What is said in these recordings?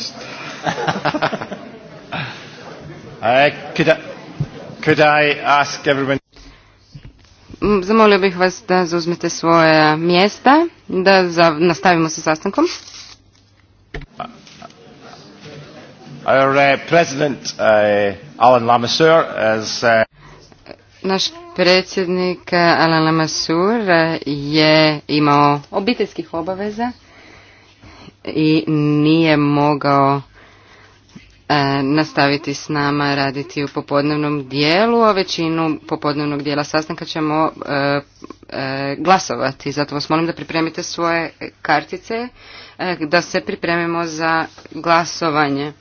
honest. uh, could I, ask everyone... Mm, zamolio bih vas da zauzmete svoje mjesta, da nastavimo sa sastankom. Uh, our uh, uh, Alan Naš predsjednik Alan Lamassur je imao obiteljskih obaveza i nije mogao e, nastaviti s nama raditi u popodnevnom dijelu, a većinu popodnevnog dijela sastanka ćemo e, e, glasovati. Zato vas molim da pripremite svoje kartice, da se pripremimo za glasovanje.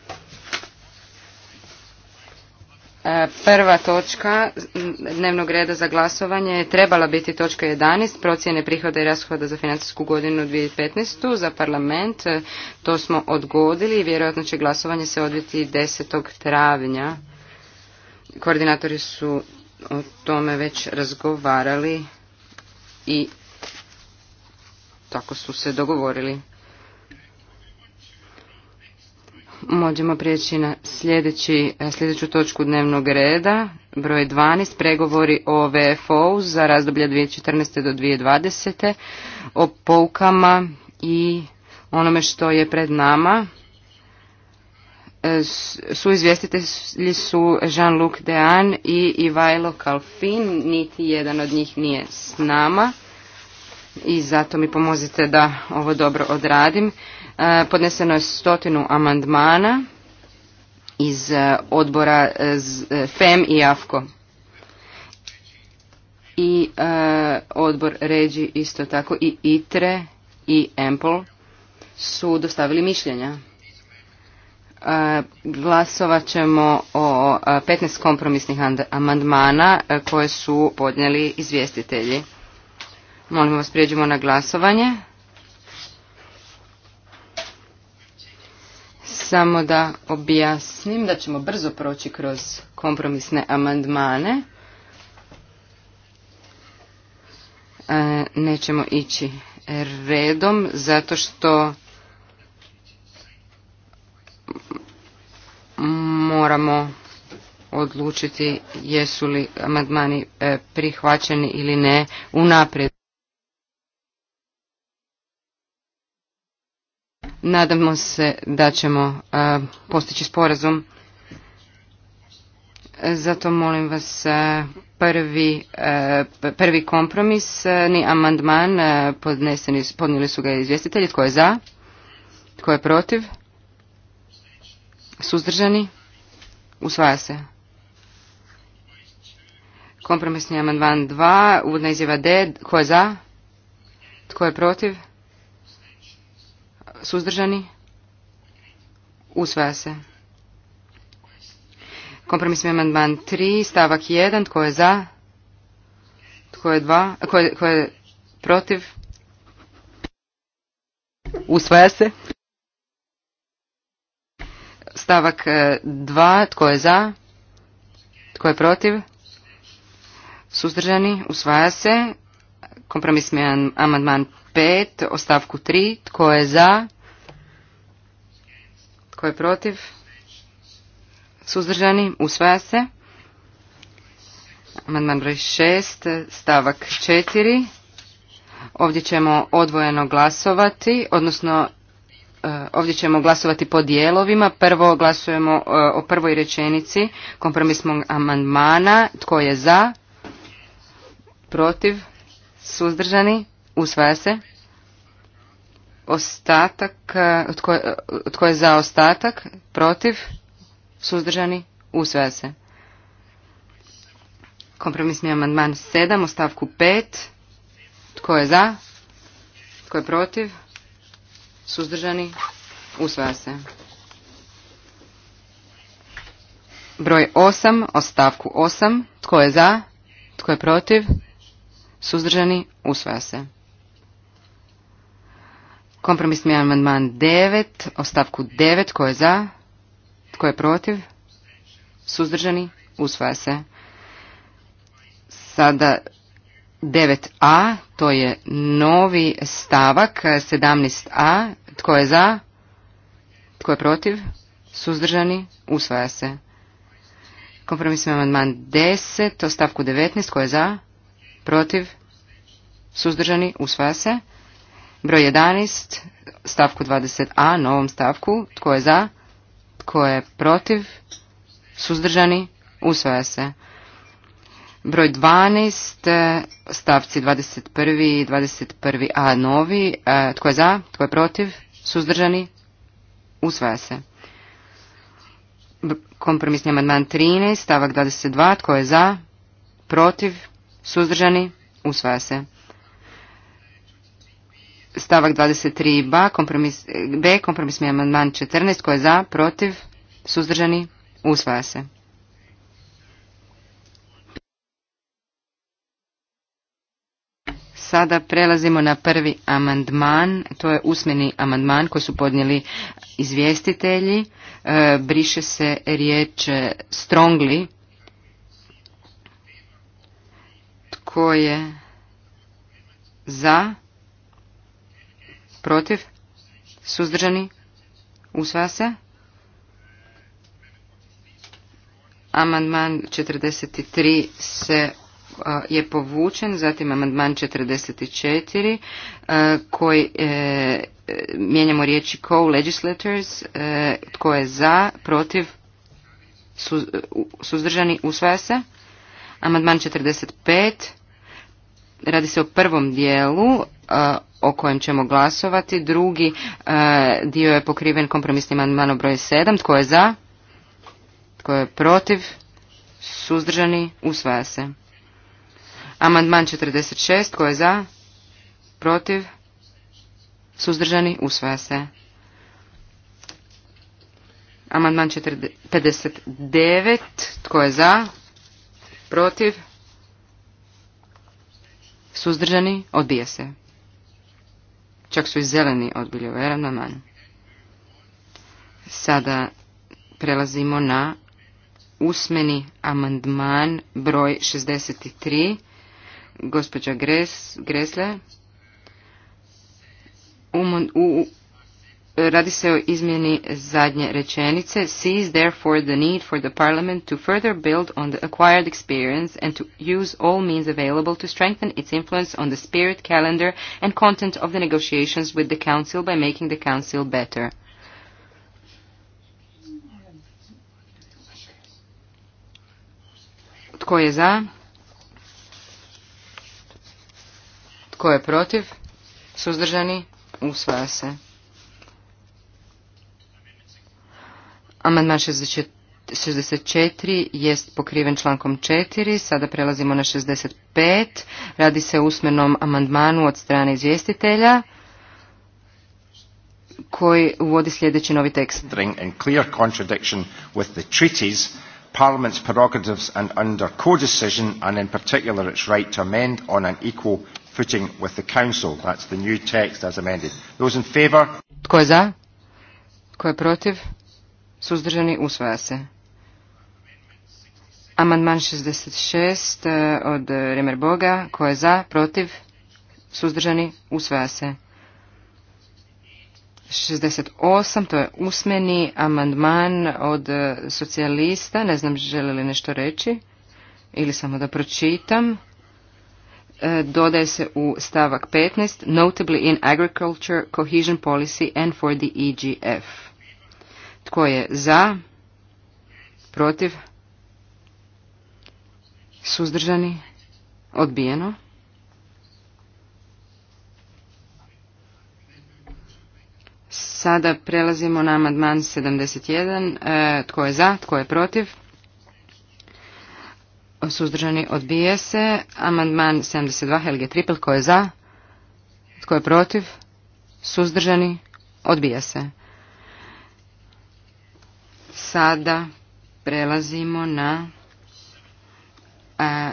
E, prva točka dnevnog reda za glasovanje je trebala biti točka 11, procjene prihoda i rashoda za financijsku godinu 2015. za parlament. E, to smo odgodili i vjerojatno će glasovanje se odviti 10. travnja. Koordinatori su o tome već razgovarali i tako su se dogovorili. Možemo prijeći na sljedeći, e, sljedeću točku dnevnog reda, broj 12, pregovori o VFO za razdoblje 2014. do 2020. o poukama i onome što je pred nama. E, su izvjestitelji su Jean-Luc Dean i Ivajlo Kalfin, niti jedan od njih nije s nama i zato mi pomozite da ovo dobro odradim. E, podneseno je stotinu amandmana iz e, odbora e, FEM i AFKO. I odbor Ređi isto tako i ITRE i EMPL su dostavili mišljenja. Glasovat ćemo o 15 kompromisnih amandmana koje su podnijeli izvjestitelji. Molim vas, prijeđemo na glasovanje. Samo da objasnim da ćemo brzo proći kroz kompromisne amandmane. E, nećemo ići redom zato što moramo odlučiti jesu li amandmani e, prihvaćeni ili ne unaprijed. Nadamo se da ćemo e, postići sporazum. Zato molim vas e, prvi, e, prvi kompromisni amandman podnijeli su ga izvjestitelji. Tko je za? Tko je protiv? Suzdržani? Usvaja se. Kompromisni amandman 2, uvodna izjava D. Tko je za? Tko je protiv? Suzdržani? Usvaja se. Kompromisni amandman 3, stavak 1, tko je za? Tko je, dva, tko je, protiv? Usvaja se. Stavak 2, e, tko je za? Tko je protiv? Suzdržani? Usvaja se. Kompromisni amandman 5 o stavku 3. Tko je za? Tko je protiv? Suzdržani? Usvaja se. Amandman broj 6, stavak 4. Ovdje ćemo odvojeno glasovati, odnosno e, ovdje ćemo glasovati po dijelovima. Prvo glasujemo e, o prvoj rečenici kompromisnog amandmana. Tko je za? Protiv? suzdržani, usvaja se. Ostatak, tko e, e, je, za ostatak, protiv, suzdržani, usvaja se. Kompromisni amandman 7 ostavku stavku 5. Tko je za? Tko je protiv? Suzdržani? Usvaja se. Broj 8 ostavku stavku 8. Tko je za? Tko je protiv? Suzdržani? Usvaja se. Kompromisni amandman 9 o stavku 9. Tko je za? Tko je protiv? Suzdržani? Usvaja se. Sada 9a, to je novi stavak, 17a, tko je za, tko je protiv, suzdržani, usvaja se. Kompromisni amandman 10, o stavku 19, tko je za, protiv, suzdržani, usvaja se. Broj 11, stavku 20a, novom stavku, tko je za, tko je protiv, suzdržani, usvaja se. Broj 12, stavci 21 i 21a novi, e, tko je za, tko je protiv, suzdržani, usvaja se. Kompromisni amandman 13, stavak 22, tko je za, protiv, Suzdržani? Usvaja se. Stavak 23 b kompromis, B, kompromisni amandman 14, koji je za, protiv, suzdržani, usvaja se. Sada prelazimo na prvi amandman, to je usmeni amandman koji su podnijeli izvjestitelji, e, briše se riječ strongly Tko je za? Protiv? Suzdržani? Usvaja se. Amandman 43 se je povučen, zatim amandman 44 koji e, mijenjamo riječi co-legislators, e, tko je za, protiv, suzdržani, usvaja se. Amandman 45 Radi se o prvom dijelu e, o kojem ćemo glasovati. Drugi e, dio je pokriven kompromisnim amandmanom broj 7. Tko je za? Tko je protiv? Suzdržani? Usvaja se. Amandman 46. Tko je za? Protiv? Suzdržani? Usvaja se. Amandman 59. Tko je za? Protiv? Suzdržani? odbije se. Čak su i zeleni odbili ovaj amandman. Sada prelazimo na usmeni amandman broj 63. Gospođa Gres, Gresle. u radi se o izmjeni zadnje rečenice sees therefore the need for the parliament to further build on the acquired experience and to use all means available to strengthen its influence on the spirit calendar and content of the negotiations with the council by making the council better Tko je za? Tko je protiv? Suzdržani? Usvaja se. Amandman 64 jest pokriven člankom 4. Sada prelazimo na 65. Radi se o usmenom amandmanu od strane izvjestitelja koji uvodi sljedeći novi tekst. ...in clear contradiction with the treaties, Parliament's prerogatives and under co-decision and in particular its right to amend on an equal footing with the Council. That's the new text as amended. Those in favour? Tko je za? Tko je protiv? Suzdržani usvaja se. Amandman 66 e, od Remer Boga. Ko je za? Protiv? Suzdržani usvaja se. 68, to je usmeni amandman od e, socijalista. Ne znam žele li nešto reći ili samo da pročitam. E, dodaje se u stavak 15, notably in agriculture, cohesion policy and for the EGF. Tko je za? Protiv? Suzdržani? Odbijeno? Sada prelazimo na amandman 71. tko je za? Tko je protiv? Suzdržani odbije se. Amandman 72. Helge triple. Tko je za? Tko je protiv? Suzdržani odbija se. Sada prelazimo na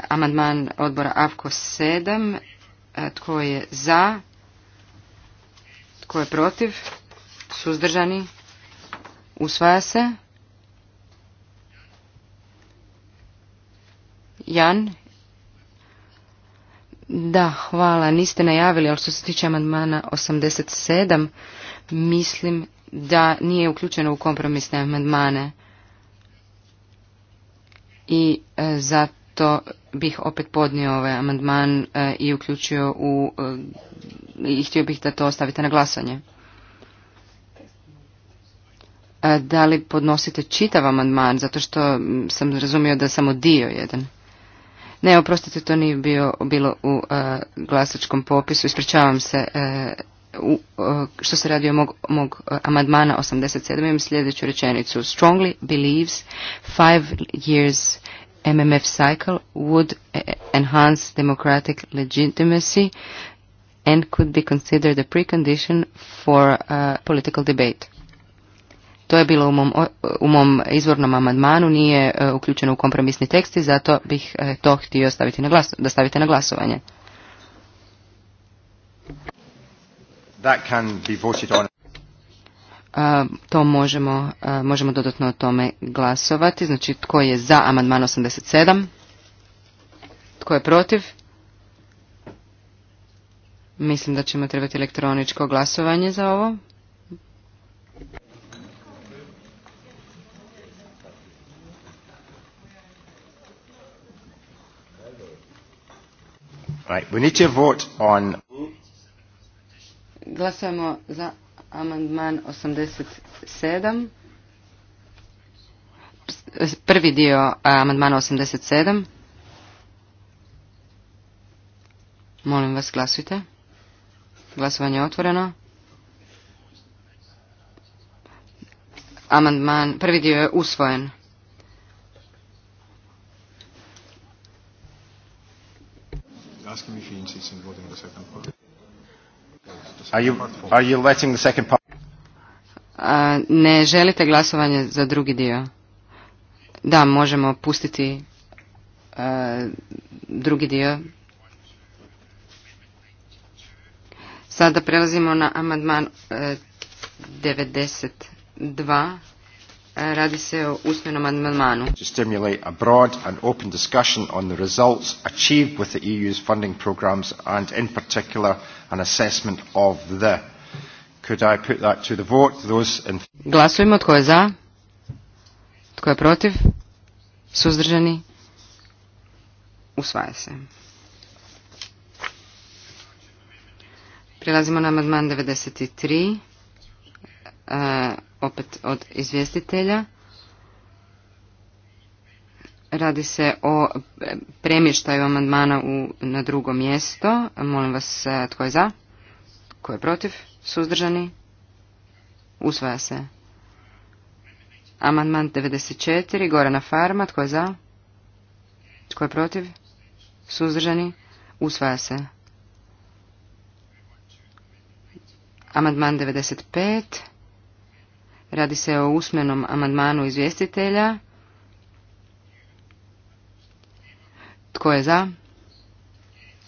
amandman odbora AFKO 7. tko je za? Tko je protiv? Suzdržani? Usvaja se? Jan? Da, hvala. Niste najavili, ali što se tiče amandmana 87, mislim da nije uključeno u kompromisne amandmane. I e, zato bih opet podnio ovaj amandman e, i uključio u e, i htio bih da to ostavite na glasanje. Da li podnosite čitav amandman, zato što sam razumio da samo dio jedan. Ne, oprostite, to nije bilo u glasačkom popisu, ispričavam se u, e, što se radi o mog, mog e, amandmana 87. imam sljedeću rečenicu. Strongly believes five years MMF cycle would e, enhance democratic legitimacy and could be considered a precondition for a political debate. To je bilo u mom, u mom izvornom amandmanu, nije uključeno u kompromisni tekst i zato bih to htio staviti na glas, da stavite na glasovanje. that can To možemo, možemo dodatno o tome glasovati. Znači, tko je za amandman 87? Tko je protiv? Mislim da ćemo trebati elektroničko glasovanje za ovo. Right, we need to vote on... Glasujemo za amandman 87. Prvi dio amandmana 87. Molim vas glasujte. Glasovanje je otvoreno. Amandman, prvi dio je usvojen. Asking if you insist in voting the second ne želite glasovanje za drugi dio? Da, možemo pustiti e, drugi dio. Sada prelazimo na amandman 92. E, Radi se o usmenom amandmanu. To stimulate a broad and open discussion on the results achieved with the EU's funding programs and in particular an assessment of the. Could I put that to the vote? Those in... Glasujemo tko je za, tko je protiv, suzdržani, usvaja se. Prelazimo na amandman 93. Uh, opet od izvjestitelja. Radi se o premještaju amandmana u, na drugo mjesto. Molim vas, e, tko je za? Tko je protiv? Suzdržani? Usvaja se. Amandman 94, Gorana Farma, tko je za? Tko je protiv? Suzdržani? Usvaja se. Amandman 95, Radi se o usmenom amandmanu izvjestitelja. Tko je za?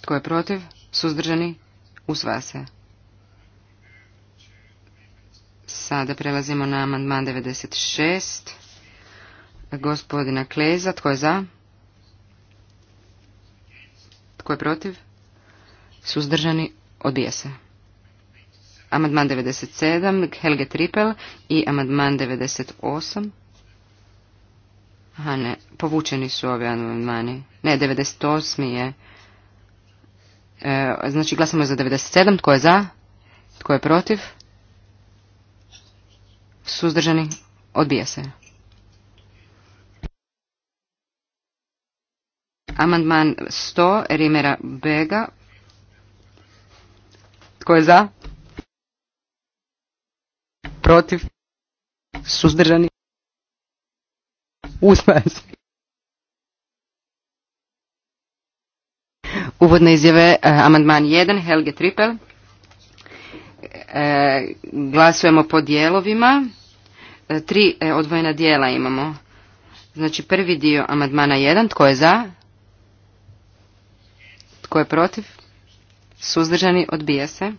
Tko je protiv? Suzdržani? Usva se. Sada prelazimo na amandman 96. Gospodina Kleza, tko je za? Tko je protiv? Suzdržani? Odbija se. Amandman 97, Helge Tripel i amandman 98. Aha, ne, povučeni su ovi amandmani. Ne, 98 je. E, znači, glasamo za 97. Tko je za? Tko je protiv? Suzdržani? Odbija se. Amandman 100, Rimera Bega. Tko je za? protiv, suzdržani, usvaja Uvodne izjave, e, amandman 1, Helge Trippel. E, glasujemo po dijelovima. E, tri odvojena dijela imamo. Znači prvi dio amandmana 1, tko je za? Tko je protiv? Suzdržani odbija se.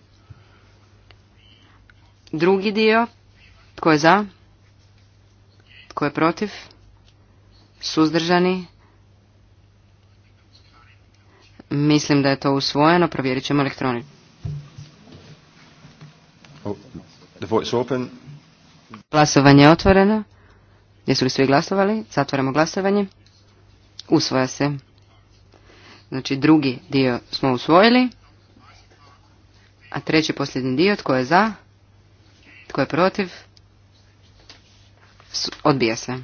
Drugi dio, tko je za? Tko je protiv? Suzdržani? Mislim da je to usvojeno. Provjerit ćemo elektronik. Oh, glasovanje je otvoreno. Jesu li svi glasovali? Zatvaramo glasovanje. Usvoja se. Znači drugi dio smo usvojili. A treći posljednji dio. Tko je za? Tko je protiv? Odbija se.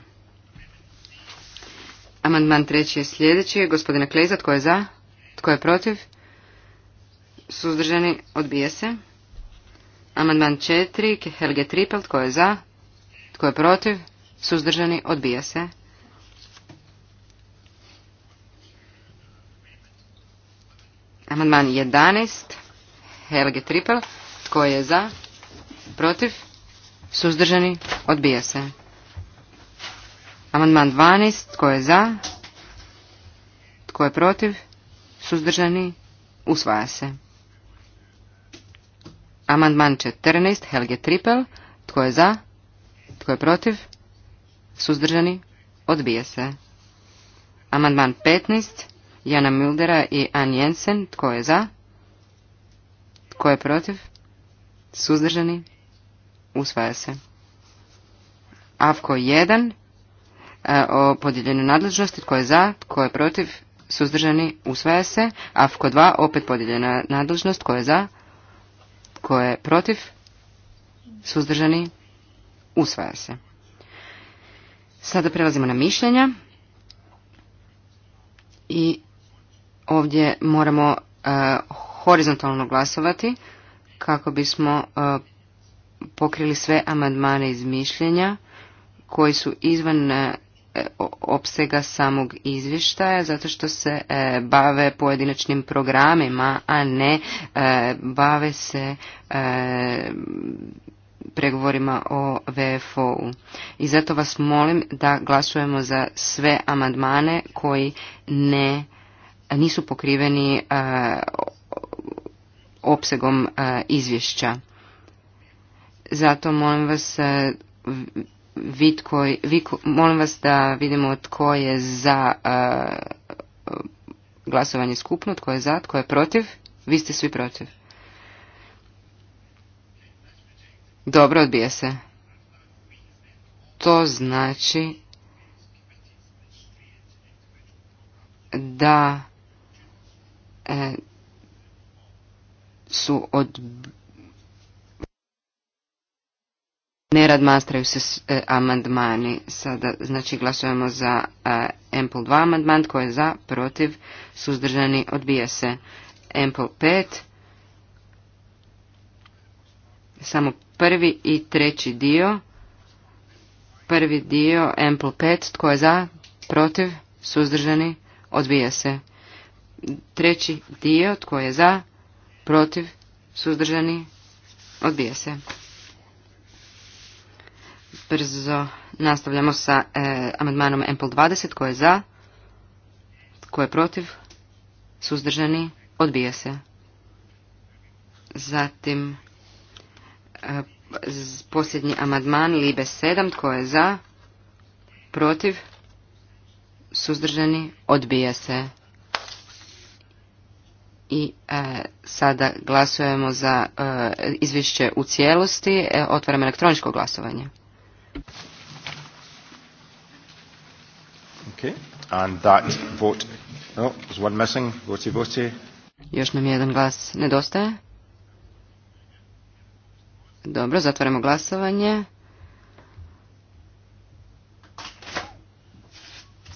Amandman treći je sljedeći. Gospodine kleza tko je za? Tko je protiv? Suzdržani odbija se. Amandman četiri, Helge Trippel, tko je za? Tko je protiv? Suzdržani odbija se. Amandman 11, Helge Trippel, tko je za? Protiv? Suzdržani odbija se. Amandman 12. Tko je za? Tko je protiv? Suzdržani? Usvaja se. Amandman 14. Helge Tripel. Tko je za? Tko je protiv? Suzdržani? Odbije se. Amandman 15. Jana Mildera i Ann Jensen. Tko je za? Tko je protiv? Suzdržani? Usvaja se. Avko 1. E, o podijeljenoj nadležnosti. Tko je za? Tko je protiv? Suzdržani? Usvaja se. AFKO 2. Opet podijeljena nadležnost. Tko je za? Tko je protiv? Suzdržani? Usvaja se. Sada prelazimo na mišljenja. I ovdje moramo e, horizontalno glasovati kako bismo e, pokrili sve amandmane iz mišljenja koji su izvan E, opsega samog izvještaja zato što se e, bave pojedinačnim programima, a ne e, bave se pregovorima o VFO-u. I zato vas molim da glasujemo za sve amandmane koji ne nisu pokriveni opsegom izvješća. Zato molim vas vid vi, molim vas da vidimo tko je za glasovanje skupno, tko je za, tko je protiv. Vi ste svi protiv. Dobro, odbija se. To znači da e, su od Ne razmastraju se e, amandmani. Sada, znači, glasujemo za e, Ample 2 amandman. Tko je za? Protiv? Suzdržani? Odbija se. Ample 5. Samo prvi i treći dio. Prvi dio Ample 5. Tko je za? Protiv? Suzdržani? Odbija se. Treći dio. Tko je za? Protiv? Suzdržani? Odbija se. Brzo nastavljamo sa e, amandmanom MPL 20. Ko je za? Tko je protiv? Suzdržani? Odbija se. Zatim e, posljednji amandman Libe 7. Tko je za? Protiv? Suzdržani? Odbija se. I e, sada glasujemo za e, izvješće u cijelosti. E, otvaram elektroničko glasovanje. Okay. And that vote. No, there's one missing. Voti, voti. Još nam jedan glas nedostaje. Dobro, zatvaramo glasovanje.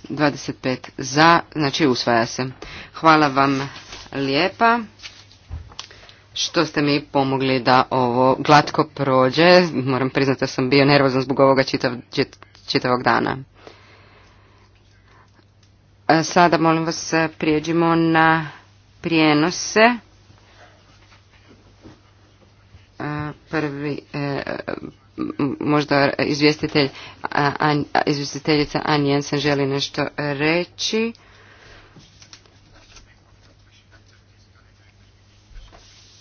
25 za, znači usvaja se. Hvala vam lijepa što ste mi pomogli da ovo glatko prođe. Moram priznati da sam bio nervozan zbog ovoga čitav, čitavog dana. E, sada molim vas prijeđimo na prijenose. E, prvi, e, možda izvjestitelj, izvjestiteljica Ann Jensen želi nešto reći.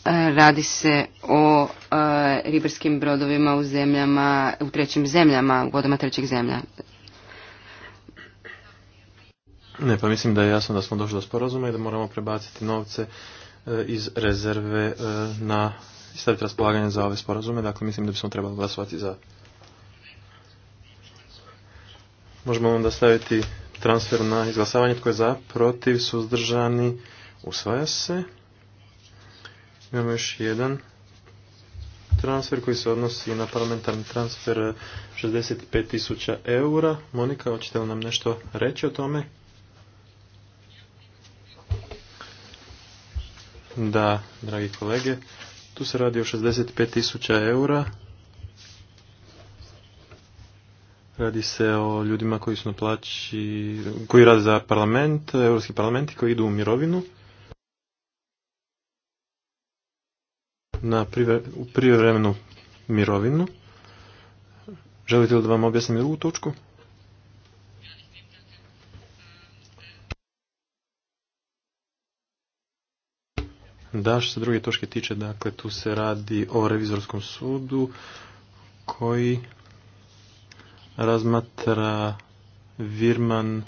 E, radi se o e, ribarskim brodovima u zemljama, u trećim zemljama, u vodama trećih zemlja. Ne, pa mislim da je jasno da smo došli do sporazuma i da moramo prebaciti novce e, iz rezerve na staviti raspolaganje za ove sporazume. Dakle, mislim da bismo trebali glasovati za. Možemo onda staviti transfer na izglasavanje. Tko je za? Protiv? Suzdržani? Usvaja se. Imamo još jedan transfer koji se odnosi na parlamentarni transfer 65.000 eh, eura. Monika, hoćete li nam nešto reći o tome? Da, dragi kolege, tu se radi o 65.000 eura. Radi se o ljudima koji su na plaći, koji rade za parlament, Europski parlament i koji idu u mirovinu. na privremenu mirovinu. Želite li da vam objasnim drugu točku? Da, što se druge točke tiče, dakle, tu se radi o revizorskom sudu koji razmatra Virman,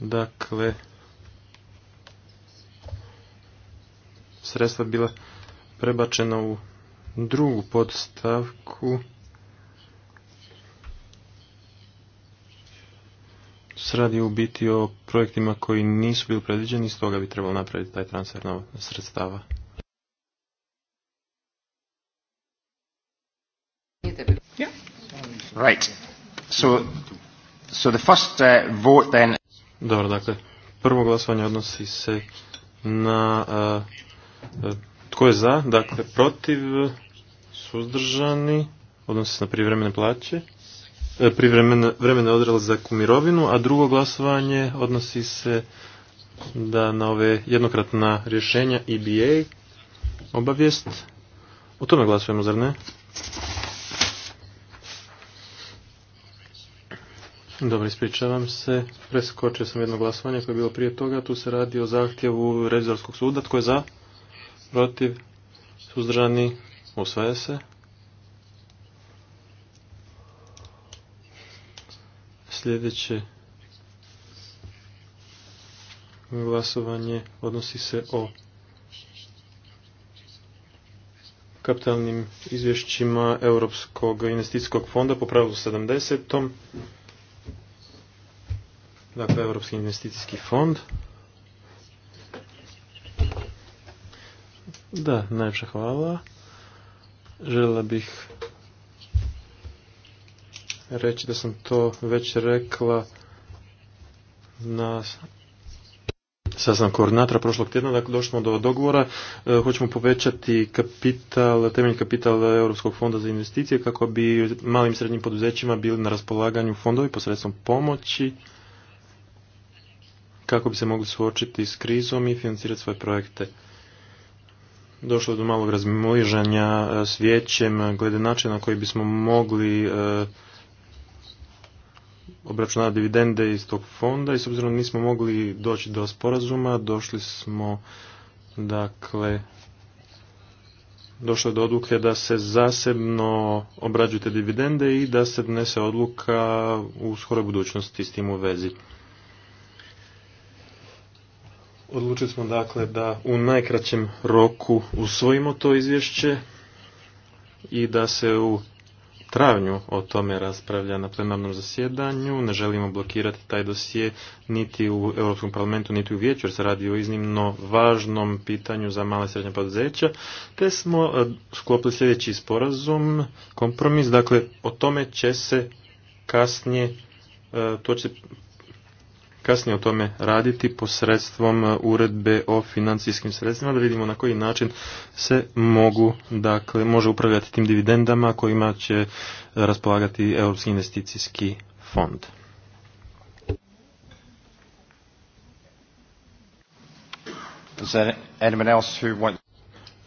dakle, sredstva bila Prebačeno u drugu podstavku se radi u biti o projektima koji nisu bili predviđeni, stoga bi trebalo napraviti taj transfer sredstava. Uh, Dobro, dakle, prvo glasovanje odnosi se na uh, uh, tko je za? Dakle, protiv, suzdržani, odnosi se na privremene plaće, e, privremene vremene za u mirovinu, a drugo glasovanje odnosi se da na ove jednokratna rješenja EBA obavijest. O tome glasujemo, zar ne? Dobro, ispričavam se. Preskočio sam jedno glasovanje koje je bilo prije toga. Tu se radi o zahtjevu revizorskog suda. Tko je za? protiv, suzdržani, usvaja se. Sljedeće glasovanje odnosi se o kapitalnim izvješćima Europskog investicijskog fonda po pravilu 70. Dakle, Europski investicijski fond. Da, najviše hvala. Žela bih reći da sam to već rekla na sastanku koordinatora prošlog tjedna, dakle došli smo do dogovora, e, hoćemo povećati kapital, temeljni kapital Europskog fonda za investicije kako bi malim i srednjim poduzećima bili na raspolaganju fondovi posredstvom pomoći kako bi se mogli suočiti s krizom i financirati svoje projekte došlo do malog razmiližanja e, s vijećem e, glede načina na koji bismo mogli e, obračunati dividende iz tog fonda i s obzirom da nismo mogli doći do sporazuma, došli smo dakle došlo do odluke da se zasebno obrađuju te dividende i da se donese odluka u skoroj budućnosti s tim u vezi. Odlučili smo dakle da u najkraćem roku usvojimo to izvješće i da se u travnju o tome raspravlja na plenarnom zasjedanju. Ne želimo blokirati taj dosje niti u Europskom parlamentu, niti u vijeću, jer se radi o iznimno važnom pitanju za male i srednje poduzeća. Te smo e, sklopili sljedeći sporazum, kompromis, dakle o tome će se kasnije e, to će kasnije o tome raditi posredstvom e, uredbe o financijskim sredstvima, da vidimo na koji način se mogu, dakle, može upravljati tim dividendama kojima će raspolagati Europski investicijski fond.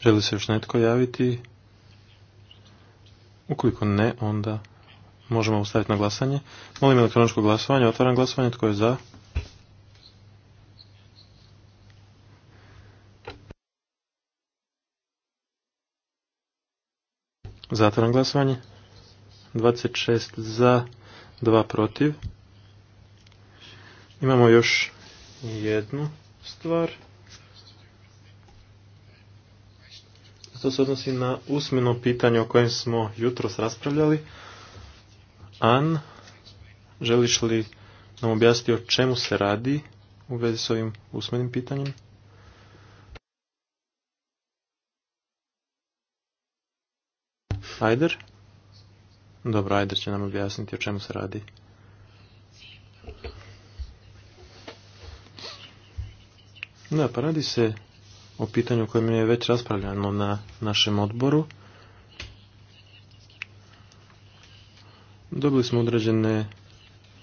Želi se još netko javiti? Ukoliko ne, onda možemo ustaviti na glasanje. Molim elektroničko glasovanje. Otvaram glasovanje. Tko je za? Zatvoram glasovanje. 26 za, 2 protiv. Imamo još jednu stvar. To se odnosi na usmeno pitanje o kojem smo jutros raspravljali. An, želiš li nam objasniti o čemu se radi u vezi s ovim usmenim pitanjem? Ajder? Dobro, Ajder će nam objasniti o čemu se radi. Da, pa radi se o pitanju koje mi je već raspravljano na našem odboru. Dobili smo određene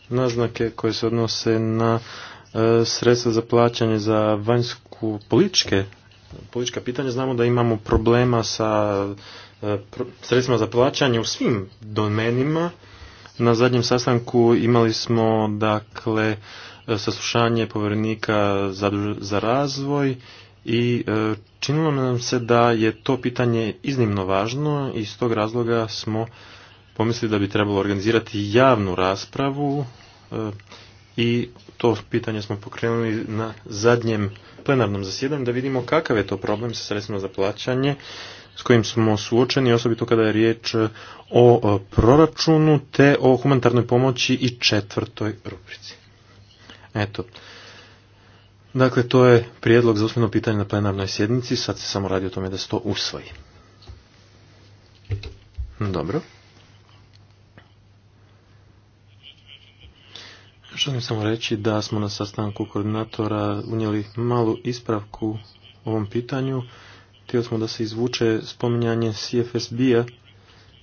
naznake koje se odnose na e, sredstva za plaćanje za vanjsku političke politička pitanja. Znamo da imamo problema sa E, sredstvima za plaćanje u svim domenima. Na zadnjem sastanku imali smo dakle e, saslušanje povjerenika za, za razvoj i e, činilo nam se da je to pitanje iznimno važno i iz tog razloga smo pomislili da bi trebalo organizirati javnu raspravu i to pitanje smo pokrenuli na zadnjem plenarnom zasjedanju da vidimo kakav je to problem sa sredstvima za plaćanje s kojim smo suočeni, osobito kada je riječ e, o e, proračunu te o humanitarnoj pomoći i četvrtoj rubrici. Eto. Dakle, to je prijedlog za usmeno pitanje na plenarnoj sjednici. Sad se samo radi o tome da se to usvoji. Dobro. Želim samo reći da smo na sastanku koordinatora unijeli malu ispravku ovom pitanju. Htio smo da se izvuče spominjanje CFSB-a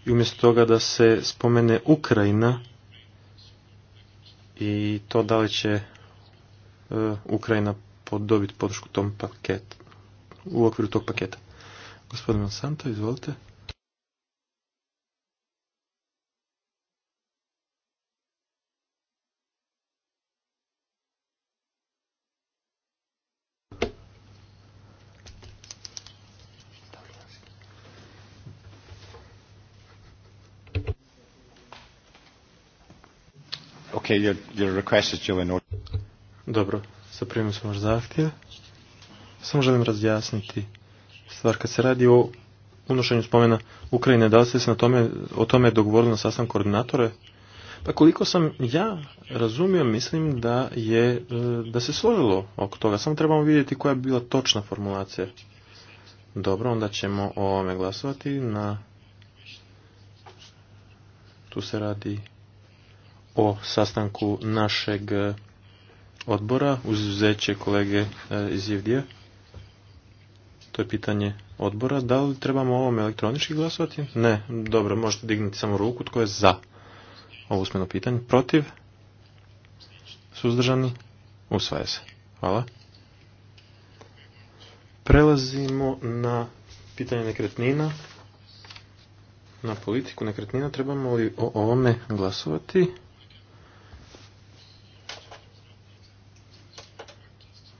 i umjesto toga da se spomene Ukrajina i to da li će e, Ukrajina dobiti podršku tom paketu, u okviru tog paketa. Gospodin Monsanto, izvolite. Okay, your, your request is in order. Dobro, smo vaš zahtjev. Samo želim razjasniti stvar kad se radi o unošenju spomena Ukrajine, da li ste se na tome, o tome dogovorili na sastan koordinatore? Pa koliko sam ja razumio, mislim da je e, da se složilo oko toga. Samo trebamo vidjeti koja je bila točna formulacija. Dobro, onda ćemo o ovome glasovati. Na... Tu se radi o sastanku našeg e, odbora, uz će kolege e, iz Jevdija. To je pitanje odbora. Da li trebamo ovome elektronički glasovati? Ne. Dobro, možete dignuti samo ruku. Tko je za ovo usmeno pitanje? Protiv? Suzdržani? Usvaja se. Hvala. Prelazimo na pitanje nekretnina. Na politiku nekretnina trebamo li o ovome glasovati?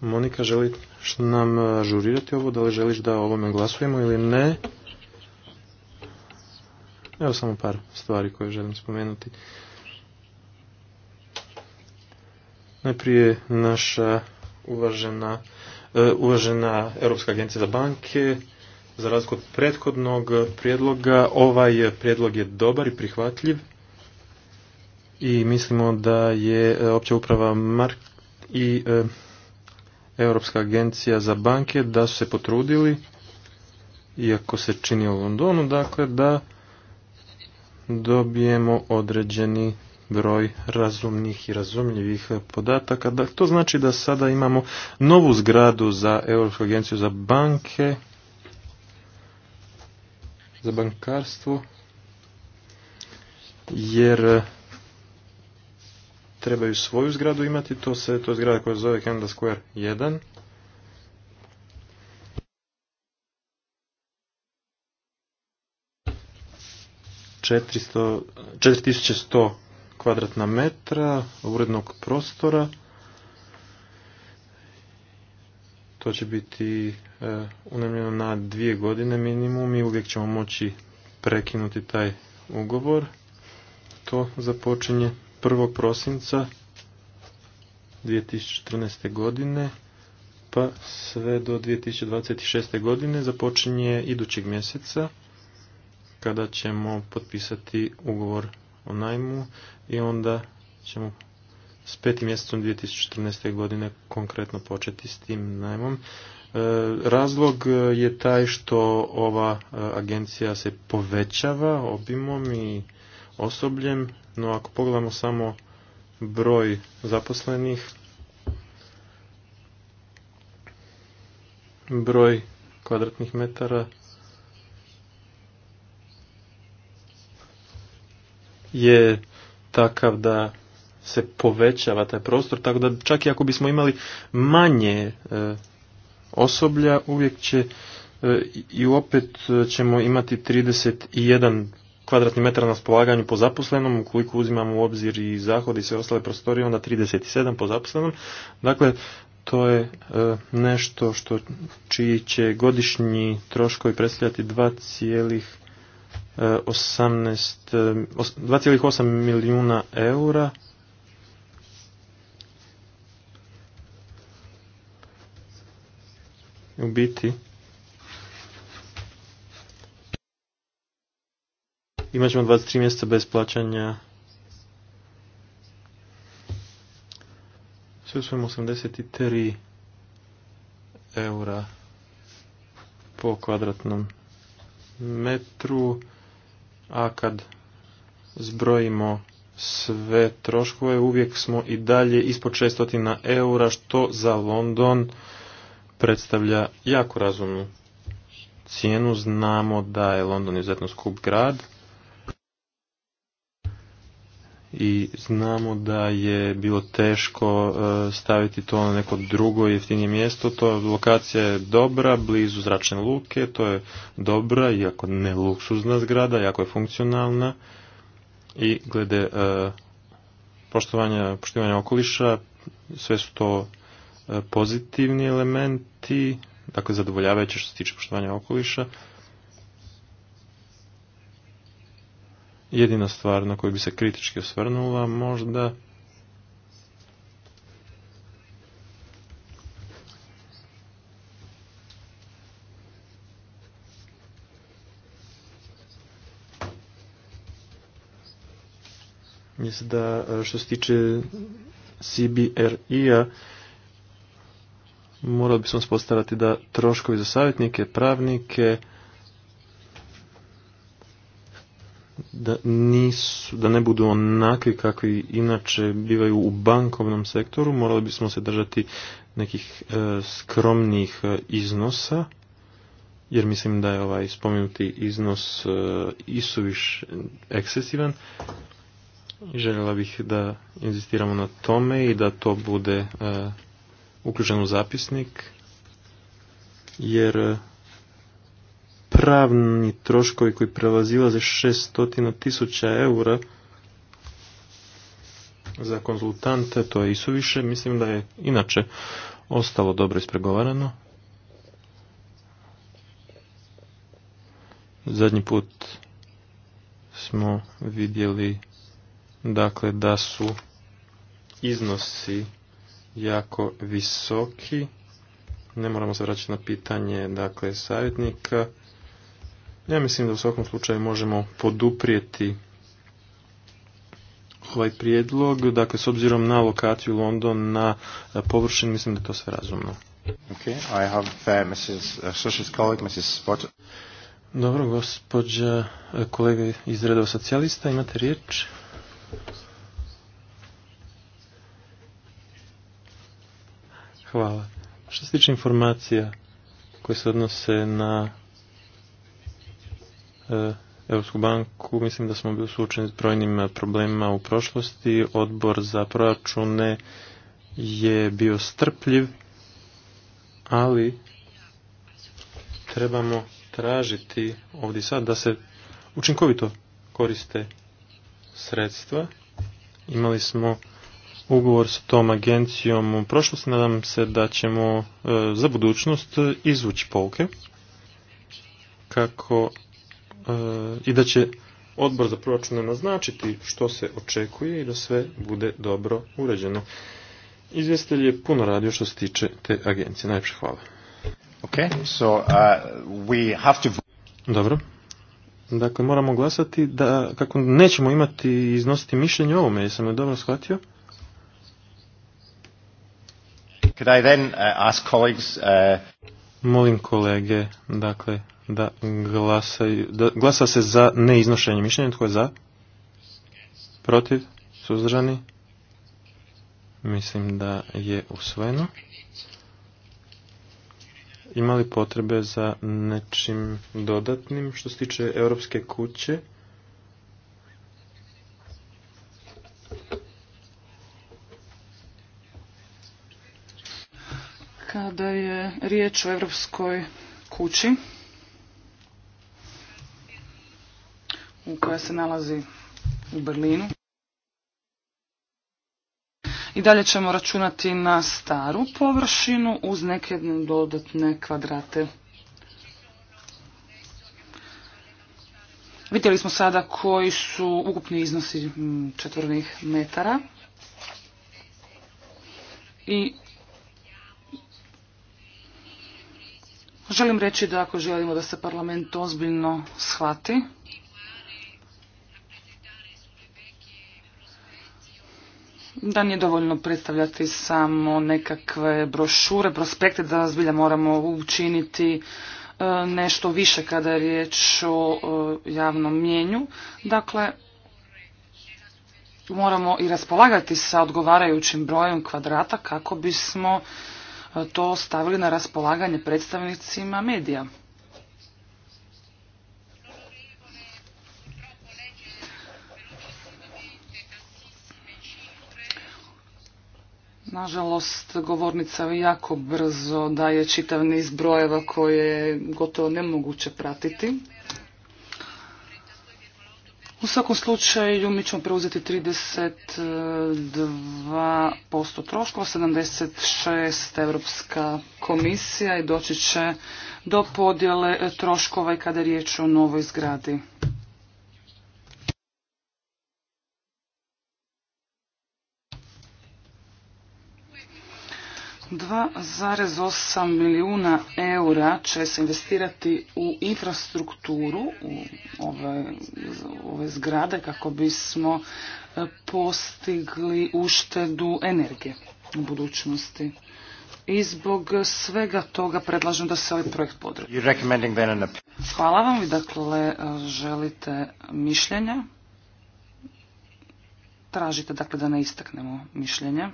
Monika, želiš nam ažurirati e, ovo? Da li želiš da o ovome glasujemo ili ne? Evo samo par stvari koje želim spomenuti. Najprije naša uvažena, e, uvažena Europska agencija za banke, za razliku od prethodnog prijedloga, ovaj prijedlog je dobar i prihvatljiv i mislimo da je e, opća uprava Mark i Europska agencija za banke da su se potrudili, iako se čini u Londonu, dakle da dobijemo određeni broj razumnih i razumljivih podataka. to znači da sada imamo novu zgradu za Europsku agenciju za banke, za bankarstvo, jer trebaju svoju zgradu imati, to se to je zgrada koja se zove Canada Square 1. Četiristo, 4100 kvadratna metra urednog prostora. To će biti e, unemljeno na dvije godine minimum i uvijek ćemo moći prekinuti taj ugovor. To započinje 1. prosinca 2014. godine pa sve do 2026. godine započinje idućeg mjeseca kada ćemo potpisati ugovor o najmu i onda ćemo s petim mjesecom 2014. godine konkretno početi s tim najmom. E, razlog je taj što ova e, agencija se povećava obimom i osobljem, no ako pogledamo samo broj zaposlenih, broj kvadratnih metara je takav da se povećava taj prostor, tako da čak i ako bismo imali manje e, osoblja, uvijek će e, i opet ćemo imati 31 kvadratni metar na raspolaganju po zaposlenom, ukoliko uzimamo u obzir i zahod i sve ostale prostorije, onda 37 po zaposlenom. Dakle, to je e, nešto što čiji će godišnji troškovi predstavljati 2,8 e, e, milijuna eura. U biti, imat ćemo 23 mjeseca bez plaćanja. Sve u 83 eura po kvadratnom metru, a kad zbrojimo sve troškove, uvijek smo i dalje ispod 600 eura, što za London predstavlja jako razumnu cijenu. Znamo da je London izuzetno skup grad, i znamo da je bilo teško e, staviti to na neko drugo jeftinije mjesto. To lokacija je dobra, blizu zračne luke, to je dobra, iako ne luksuzna zgrada, jako je funkcionalna i glede e, poštovanja, poštivanja okoliša, sve su to e, pozitivni elementi, dakle zadovoljavajuće što se tiče poštovanja okoliša jedina stvar na koju bi se kritički osvrnula možda Mislim da e, što se tiče CBRI-a morali bismo spostaviti da troškovi za savjetnike, pravnike, da, nisu, da ne budu onakvi kakvi inače bivaju u bankovnom sektoru, morali bismo se držati nekih e, skromnih e, iznosa, jer mislim da je ovaj spomenuti iznos e, isuviš ekscesivan. Željela bih da inzistiramo na tome i da to bude e, uključen u zapisnik, jer pravni troškovi koji prelazilaze 600.000 tisuća eura za konzultante, to je i više, Mislim da je inače ostalo dobro ispregovarano. Zadnji put smo vidjeli dakle da su iznosi jako visoki. Ne moramo se vraćati na pitanje dakle savjetnika ja mislim da u svakom slučaju možemo poduprijeti ovaj prijedlog, dakle s obzirom na lokaciju London, na površini, mislim da je to sve razumno. Okay, I have uh, Mrs. Uh, colleague, Mrs. Dobro, gospođa uh, kolega iz Reda socijalista, imate riječ? Hvala. Što se tiče informacija koje se odnose na E, Europsku banku, mislim da smo bili suočeni s brojnim e, problemima u prošlosti. Odbor za proračune je bio strpljiv, ali trebamo tražiti ovdje sad da se učinkovito koriste sredstva. Imali smo ugovor s tom agencijom u prošlosti. Nadam se da ćemo e, za budućnost izvući polke kako E, i da će odbor za proračune naznačiti što se očekuje i da sve bude dobro uređeno. Izvjestelj je puno radio što se tiče te agencije. Najpše hvala. Okay, so, uh, we have to... Dobro. Dakle, moramo glasati da, kako nećemo imati iznositi mišljenje o ovome, jesam je dobro shvatio? Could I then uh, ask colleagues, uh... Molim kolege, dakle, da, glasa se za neiznošenje mišljenja. Tko je za? Protiv? Suzdržani? Mislim da je usvojeno. Ima li potrebe za nečim dodatnim što se tiče Europske kuće? Kada je riječ o Europskoj kući, koja se nalazi u Berlinu. I dalje ćemo računati na staru površinu uz neke dodatne kvadrate. Vidjeli smo sada koji su ukupni iznosi mm, četvrnih metara. I želim reći da ako želimo da se parlament ozbiljno shvati, da nije dovoljno predstavljati samo nekakve brošure, prospekte, da zbilja moramo učiniti e, nešto više kada je riječ o e, javnom mjenju. Dakle, moramo i raspolagati sa odgovarajućim brojem kvadrata kako bismo e, to stavili na raspolaganje predstavnicima medija. Nažalost, govornica jako brzo daje čitav niz brojeva koje je gotovo nemoguće pratiti. U svakom slučaju mi ćemo preuzeti 32% troškova, 76 Europska komisija i doći će do podjele troškova i kada je riječ o novoj zgradi. 2,8 milijuna eura će se investirati u infrastrukturu u ove, ove zgrade kako bismo e, postigli uštedu energije u budućnosti. I zbog svega toga predlažem da se ovaj projekt podrži. Hvala vam i dakle e, želite mišljenja. Tražite dakle da ne istaknemo mišljenja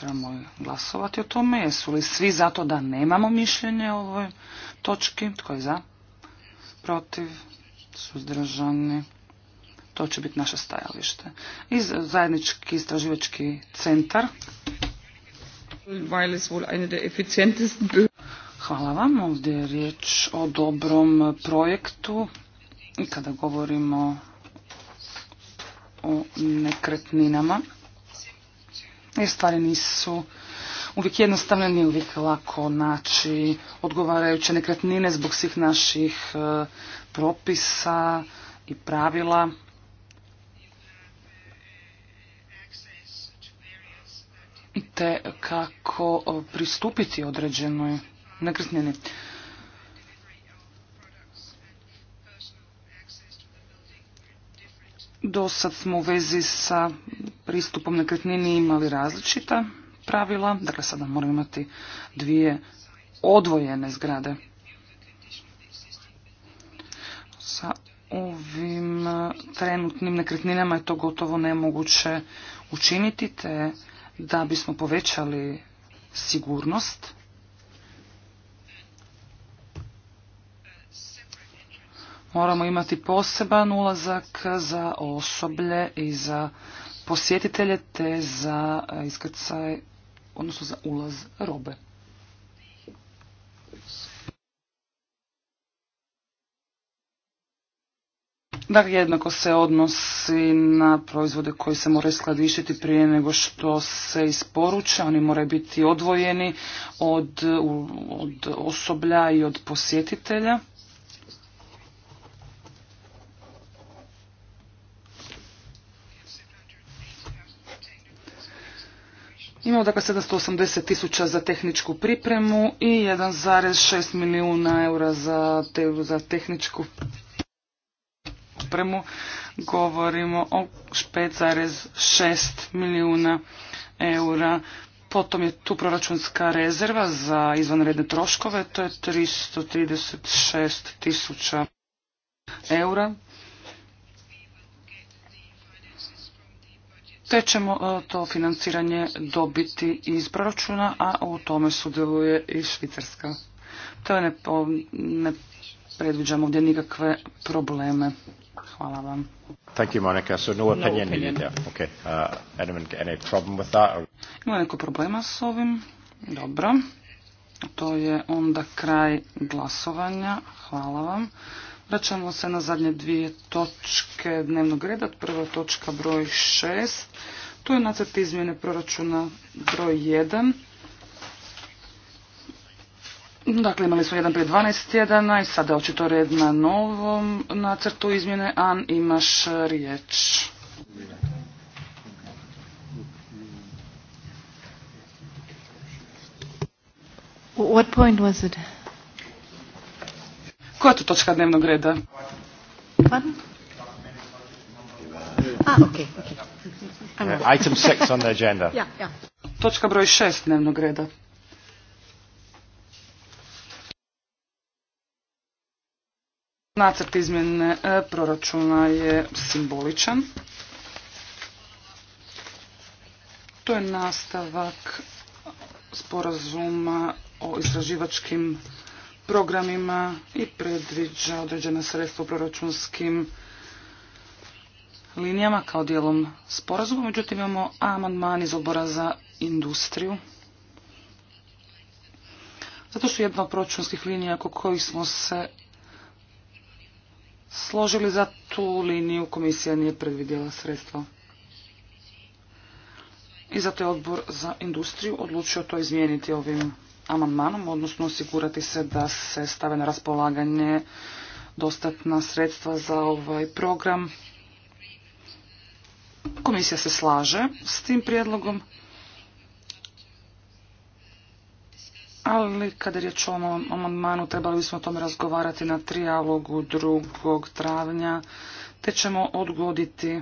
trebamo glasovati o tome. Jesu li svi zato da nemamo mišljenje o ovoj točki? Tko je za? Protiv? Suzdržani? To će biti naše stajalište. I zajednički istraživački centar. Hvala vam. Ovdje je riječ o dobrom projektu. I kada govorimo o nekretninama, jer stvari nisu uvijek jednostavne, nije uvijek lako naći odgovarajuće nekretnine zbog svih naših e, propisa i pravila. Te kako pristupiti određenoj nekretnini. Do sad smo u vezi sa pristupom nekretnini imali različita pravila, dakle sada moramo imati dvije odvojene zgrade. Sa ovim e, trenutnim nekretninama je to gotovo nemoguće učiniti, te da bismo povećali sigurnost, moramo imati poseban ulazak za osoblje i za posjetitelje te za e, iskrcaj, odnosno za ulaz robe. Dakle, jednako se odnosi na proizvode koji se moraju skladišiti prije nego što se isporuče. Oni moraju biti odvojeni od, od osoblja i od posjetitelja. Imamo dakle 780 tisuća za tehničku pripremu i 1,6 milijuna eura za, za tehničku pripremu. Govorimo o 5,6 milijuna eura. Potom je tu proračunska rezerva za izvanredne troškove, to je 336 tisuća eura. te ćemo e, to financiranje dobiti iz proračuna, a u tome sudjeluje i Švicarska. To ne, ne predviđamo ovdje nikakve probleme. Hvala vam. Thank you, Monica. So no opinion, Okay. Uh, any problem with that? Or... Ima neko problema s ovim? Dobro. To je onda kraj glasovanja. Hvala vam. Vraćamo se na zadnje dvije točke dnevnog reda. Prva točka broj 6. Tu je nacrt izmjene proračuna broj 1. Dakle, imali smo jedan prije 12 tjedana i sada je očito red na novom nacrtu izmjene. An, imaš riječ. What point was it? Koja je to točka dnevnog reda? Ah, Item on agenda. Točka broj šest dnevnog reda. Nacrt izmjene e, proračuna je simboličan. To je nastavak sporazuma o istraživačkim programima i predviđa određena sredstva u proračunskim linijama kao dijelom sporazuma. Međutim, imamo amandman iz odbora za industriju. Zato što jedna od proračunskih linija oko kojih smo se složili za tu liniju komisija nije predvidjela sredstva. I zato je odbor za industriju odlučio to izmijeniti ovim amandmanom, odnosno osigurati se da se stave na raspolaganje dostatna sredstva za ovaj program. Komisija se slaže s tim prijedlogom, ali kada je riječ o ovom amandmanu trebali bismo o tome razgovarati na trijalogu 2. travnja, te ćemo odgoditi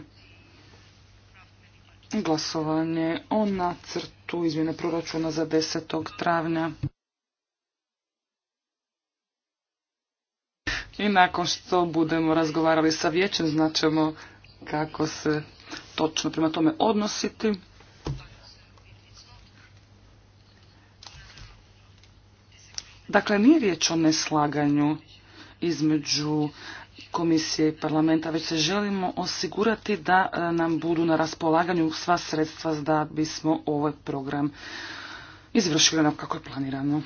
glasovanje o nacrtu tu izmjene proračuna za 10. travnja. I nakon što budemo razgovarali sa vijećem, značemo kako se točno prema tome odnositi. Dakle, nije riječ o neslaganju između komisije i parlamenta, već se želimo osigurati da e, nam budu na raspolaganju sva sredstva da bismo ovaj program izvršili nam kako je planirano.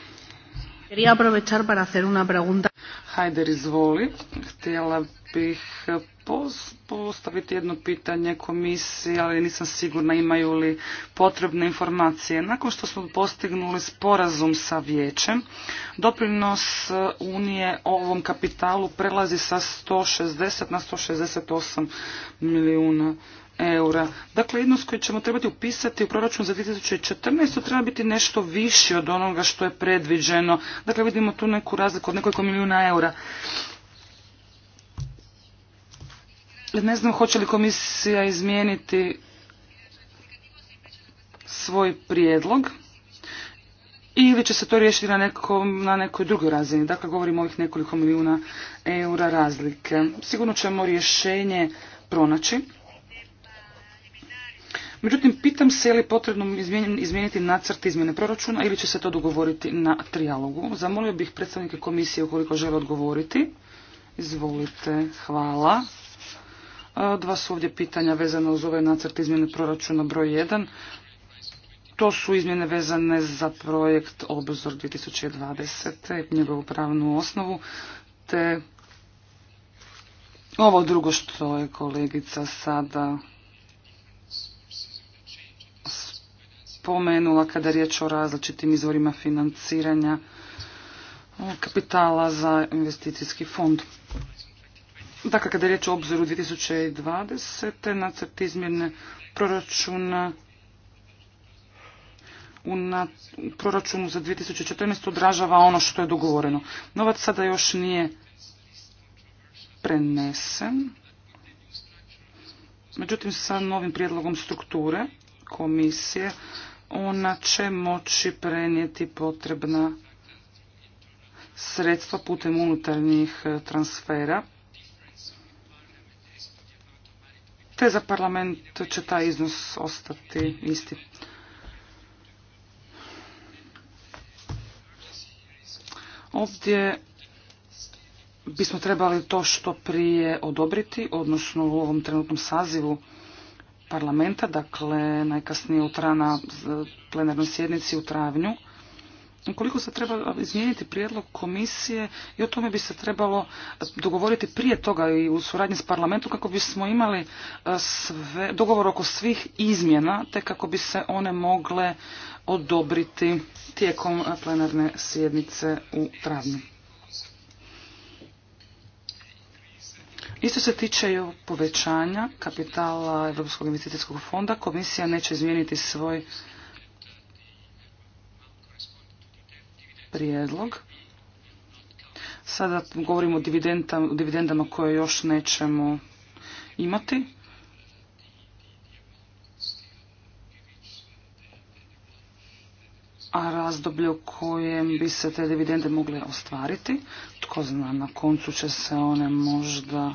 Hajder, izvoli. Htjela bih postaviti jedno pitanje komisiji, ali nisam sigurna imaju li potrebne informacije. Nakon što smo postignuli sporazum sa vijećem, doprinos e, Unije ovom kapitalu prelazi sa 160 na 168 milijuna eura. Dakle, jednost koju ćemo trebati upisati u proračun za 2014. treba biti nešto više od onoga što je predviđeno. Dakle, vidimo tu neku razliku od nekoliko milijuna eura. Ne znam hoće li komisija izmijeniti svoj prijedlog ili će se to riješiti na, nekom, na nekoj drugoj razini. Dakle, govorimo o ovih nekoliko milijuna eura razlike. Sigurno ćemo rješenje pronaći. Međutim, pitam se je li potrebno izmijeniti nacrt izmjene proračuna ili će se to dogovoriti na trijalogu. Zamolio bih predstavnike komisije ukoliko žele odgovoriti. Izvolite, hvala. Dva su ovdje pitanja vezana uz ovaj nacrt izmjene proračuna broj 1. To su izmjene vezane za projekt Obzor 2020. i njegovu pravnu osnovu, te ovo drugo što je kolegica sada spomenula kada je riječ o različitim izvorima financiranja kapitala za investicijski fond. Dakle, kada je riječ o obzoru 2020. nacrt izmjene proračuna u, na, proračunu za 2014. odražava ono što je dogovoreno. Novac sada još nije prenesen. Međutim, sa novim prijedlogom strukture komisije ona će moći prenijeti potrebna sredstva putem unutarnjih transfera te za parlament će taj iznos ostati isti. Ovdje bismo trebali to što prije odobriti, odnosno u ovom trenutnom sazivu parlamenta, dakle najkasnije u trana plenarnoj sjednici u travnju koliko se treba izmijeniti prijedlog komisije i o tome bi se trebalo dogovoriti prije toga i u suradnji s parlamentom kako bismo imali e, sve, dogovor oko svih izmjena te kako bi se one mogle odobriti tijekom e, plenarne sjednice u travnju. Isto se tiče i povećanja kapitala Europskog investicijskog fonda. Komisija neće izmijeniti svoj prijedlog. Sada govorimo o dividendama koje još nećemo imati. a razdoblje u kojem bi se te dividende mogle ostvariti. Tko zna, na koncu će se one možda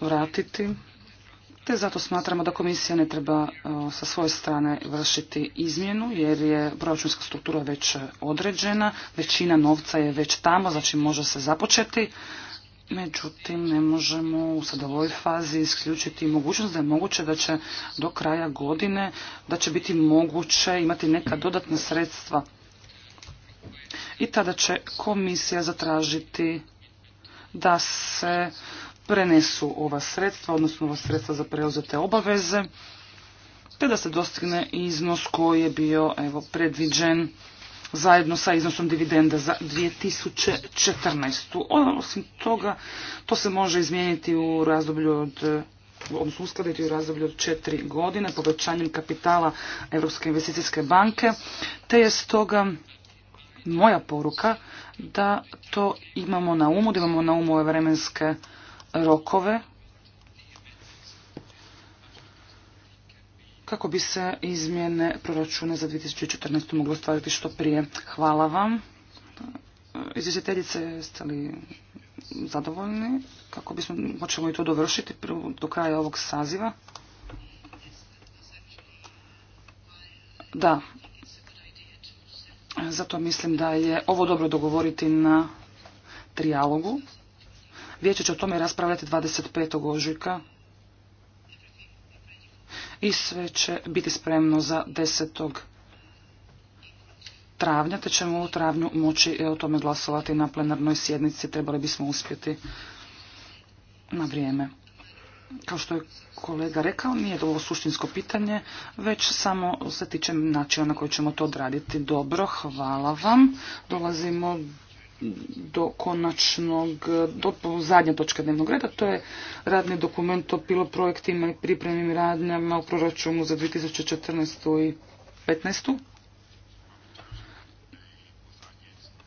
vratiti te zato smatramo da komisija ne treba e, sa svoje strane vršiti izmjenu jer je proračunska struktura već određena, većina novca je već tamo, znači može se započeti. Međutim, ne možemo u sad ovoj fazi isključiti mogućnost da je moguće da će do kraja godine, da će biti moguće imati neka dodatna sredstva. I tada će komisija zatražiti da se prenesu ova sredstva, odnosno ova sredstva za preuzete obaveze, te da se dostigne iznos koji je bio evo, predviđen zajedno sa iznosom dividenda za 2014. Osim toga, to se može izmijeniti u razdoblju od odnosno uskladiti u razdoblju od četiri godine povećanjem kapitala Europske investicijske banke, te je stoga moja poruka da to imamo na umu, da imamo na umu ove vremenske rokove kako bi se izmjene proračuna za 2014. moglo stvariti što prije. Hvala vam. Izvjestiteljice, jeste li zadovoljni? Kako bismo, hoćemo i to dovršiti do kraja ovog saziva? Da. Zato mislim da je ovo dobro dogovoriti na trijalogu. Vijeće će o tome raspravljati 25. ožujka i sve će biti spremno za 10. travnja, te ćemo u travnju moći e, o tome glasovati na plenarnoj sjednici. Trebali bismo uspjeti na vrijeme. Kao što je kolega rekao, nije ovo suštinsko pitanje, već samo se tiče načina na koji ćemo to odraditi. Dobro, hvala vam. Dolazimo do konačnog, do zadnje točke dnevnog reda, to je radni dokument o pilot projektima i pripremnim radnjama u proračunu za 2014. i 2015.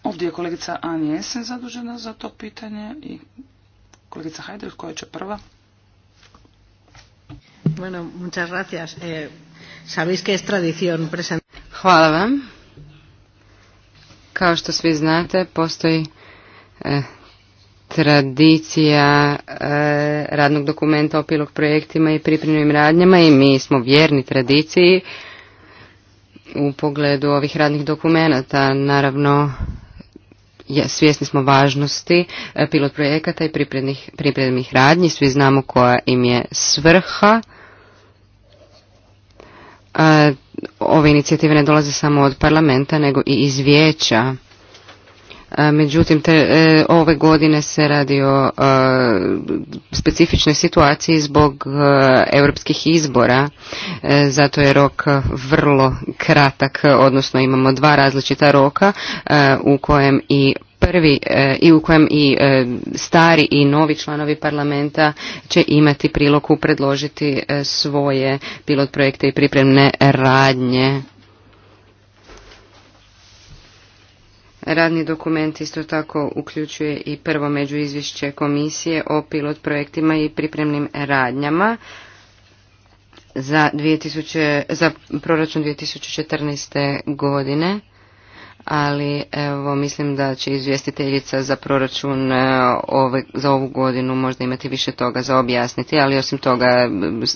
Ovdje je kolegica Ani Esen zadužena za to pitanje i kolegica Hajder koja će prva. Bueno, muchas gracias. Eh, sabéis Hvala vam. Kao što svi znate, postoji e, tradicija e, radnog dokumenta o pilog projektima i pripremnim radnjama i mi smo vjerni tradiciji u pogledu ovih radnih dokumenata. Naravno, je, svjesni smo važnosti e, pilot projekata i pripremnih radnji, svi znamo koja im je svrha ove inicijative ne dolaze samo od parlamenta nego i iz vijeća. Međutim, te, e, ove godine se radi o e, specifičnoj situaciji zbog e, europskih izbora, zato je rok vrlo kratak, odnosno imamo dva različita roka u kojem i prvi e, i u kojem i e, stari i novi članovi parlamenta će imati priloku predložiti e, svoje pilot projekte i pripremne radnje. Radni dokument isto tako uključuje i prvo izvješće komisije o pilot projektima i pripremnim radnjama za, 2000, za proračun 2014. godine ali evo mislim da će izvjestiteljica za proračun e, ove, za ovu godinu možda imati više toga za objasniti, ali osim toga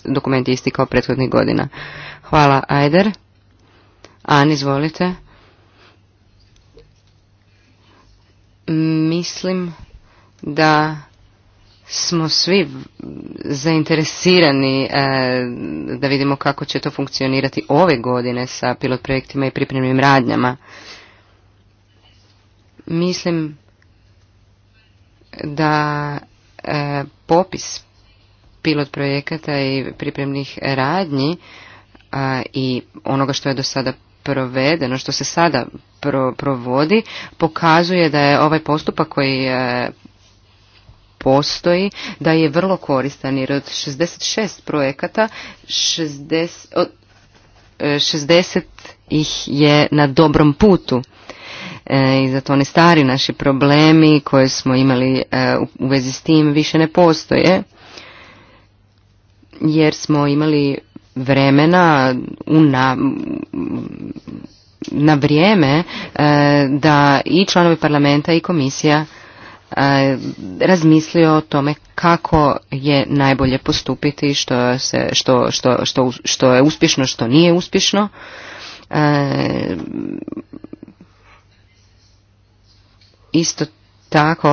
dokument je isti kao prethodnih godina. Hvala Ajder. An, izvolite. Mislim da smo svi zainteresirani e, da vidimo kako će to funkcionirati ove godine sa pilot projektima i pripremnim radnjama. Mislim da e, popis pilot projekata i pripremnih radnji i onoga što je do sada provedeno, što se sada provodi, pokazuje da je ovaj postupak koji e, postoji, da je vrlo koristan jer od 66 projekata 60, 60 e, ih je na dobrom putu. E, i zato oni stari naši problemi koje smo imali e, u vezi s tim više ne postoje jer smo imali vremena na, vrijeme e, da i članovi parlamenta i komisija razmislio o tome kako je najbolje postupiti, što, se, što, što, što, je uspješno, što nije uspješno. Isto tako,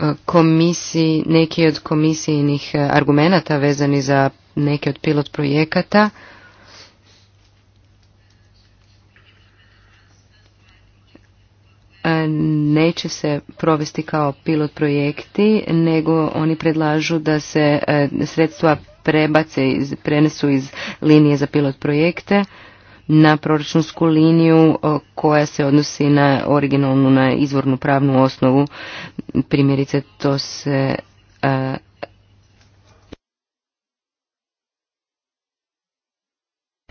e, komisiji, neki od komisijinih e, argumenata vezani za neke od pilot projekata e, neće se provesti kao pilot projekti, nego oni predlažu da se sredstva prebace, prenesu iz linije za pilot projekte na proračunsku liniju e, koja se odnosi na originalnu, na izvornu pravnu osnovu. Primjerice to se e,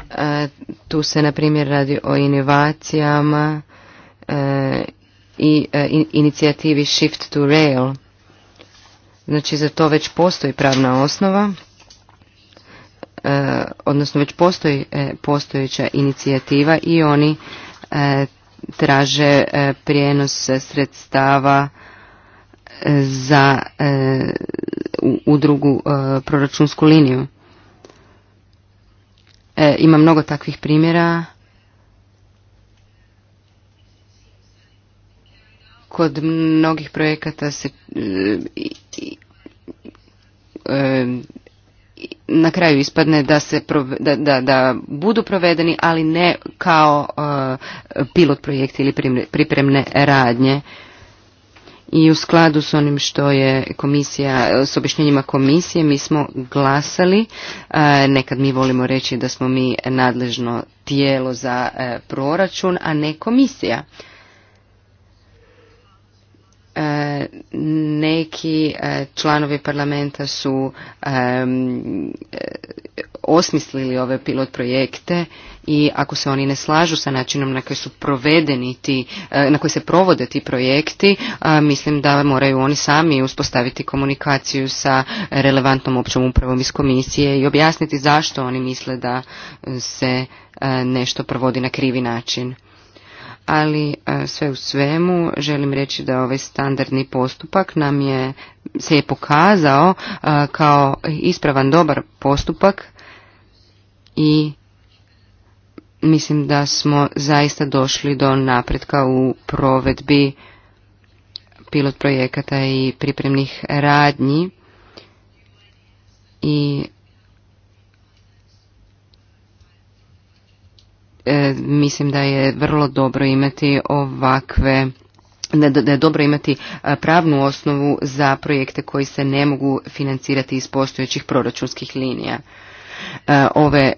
e, tu se na primjer radi o inovacijama i inicijativi Shift to Rail. Znači za to već postoji pravna osnova. E, odnosno već postoji e, postojeća inicijativa i oni e, traže prijenos sredstava za u drugu proračunsku liniju. Ima mnogo takvih primjera. Kod mnogih projekata se na kraju ispadne da se da, da, budu provedeni, ali ne kao uh, pilot projekti ili pripremne radnje. I u skladu s onim što je komisija, s objašnjenjima komisije, mi smo glasali, uh, nekad mi volimo reći da smo mi nadležno tijelo za uh, proračun, a ne komisija neki e, članovi parlamenta su e, e, osmislili ove pilot projekte i ako se oni ne slažu sa načinom na koji su provedeni ti, na koji se provode ti projekti, mislim da moraju oni sami uspostaviti komunikaciju sa relevantnom općom upravom iz komisije i objasniti zašto oni misle da se nešto provodi na krivi način ali e, sve u svemu želim reći da ovaj standardni postupak nam je se je pokazao e, kao ispravan dobar postupak i mislim da smo zaista došli do napretka u provedbi pilot projekata i pripremnih radnji i E, mislim da je vrlo dobro imati ovakve da je dobro imati e, pravnu osnovu za projekte koji se ne mogu financirati iz postojećih proračunskih linija. E, ove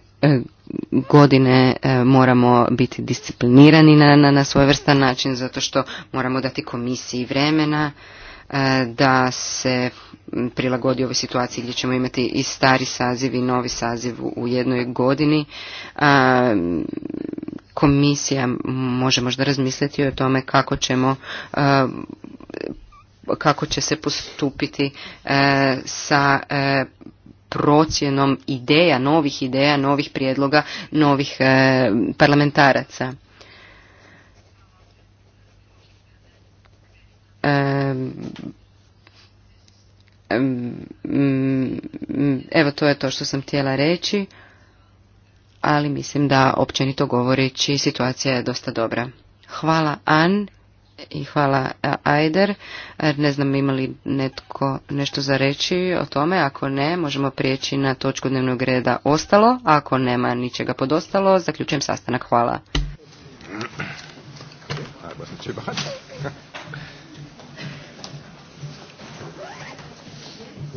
godine moramo biti disciplinirani na, na, na svojevrstan način zato što moramo dati komisiji vremena E, da se prilagodi ovoj situaciji gdje ćemo imati i stari saziv i novi saziv u jednoj godini. E, komisija može možda razmisliti o tome kako ćemo e, kako će se postupiti sa procjenom ideja, novih ideja, novih prijedloga, novih parlamentaraca. Mm, evo to je to što sam htjela reći, ali mislim da općenito govoreći situacija je dosta dobra. Hvala An i hvala e, Ajder. E, ne znam ima li netko nešto za reći o tome. Ako ne, možemo prijeći na točku dnevnog reda ostalo. Ako nema ničega pod ostalo, zaključujem sastanak. Hvala.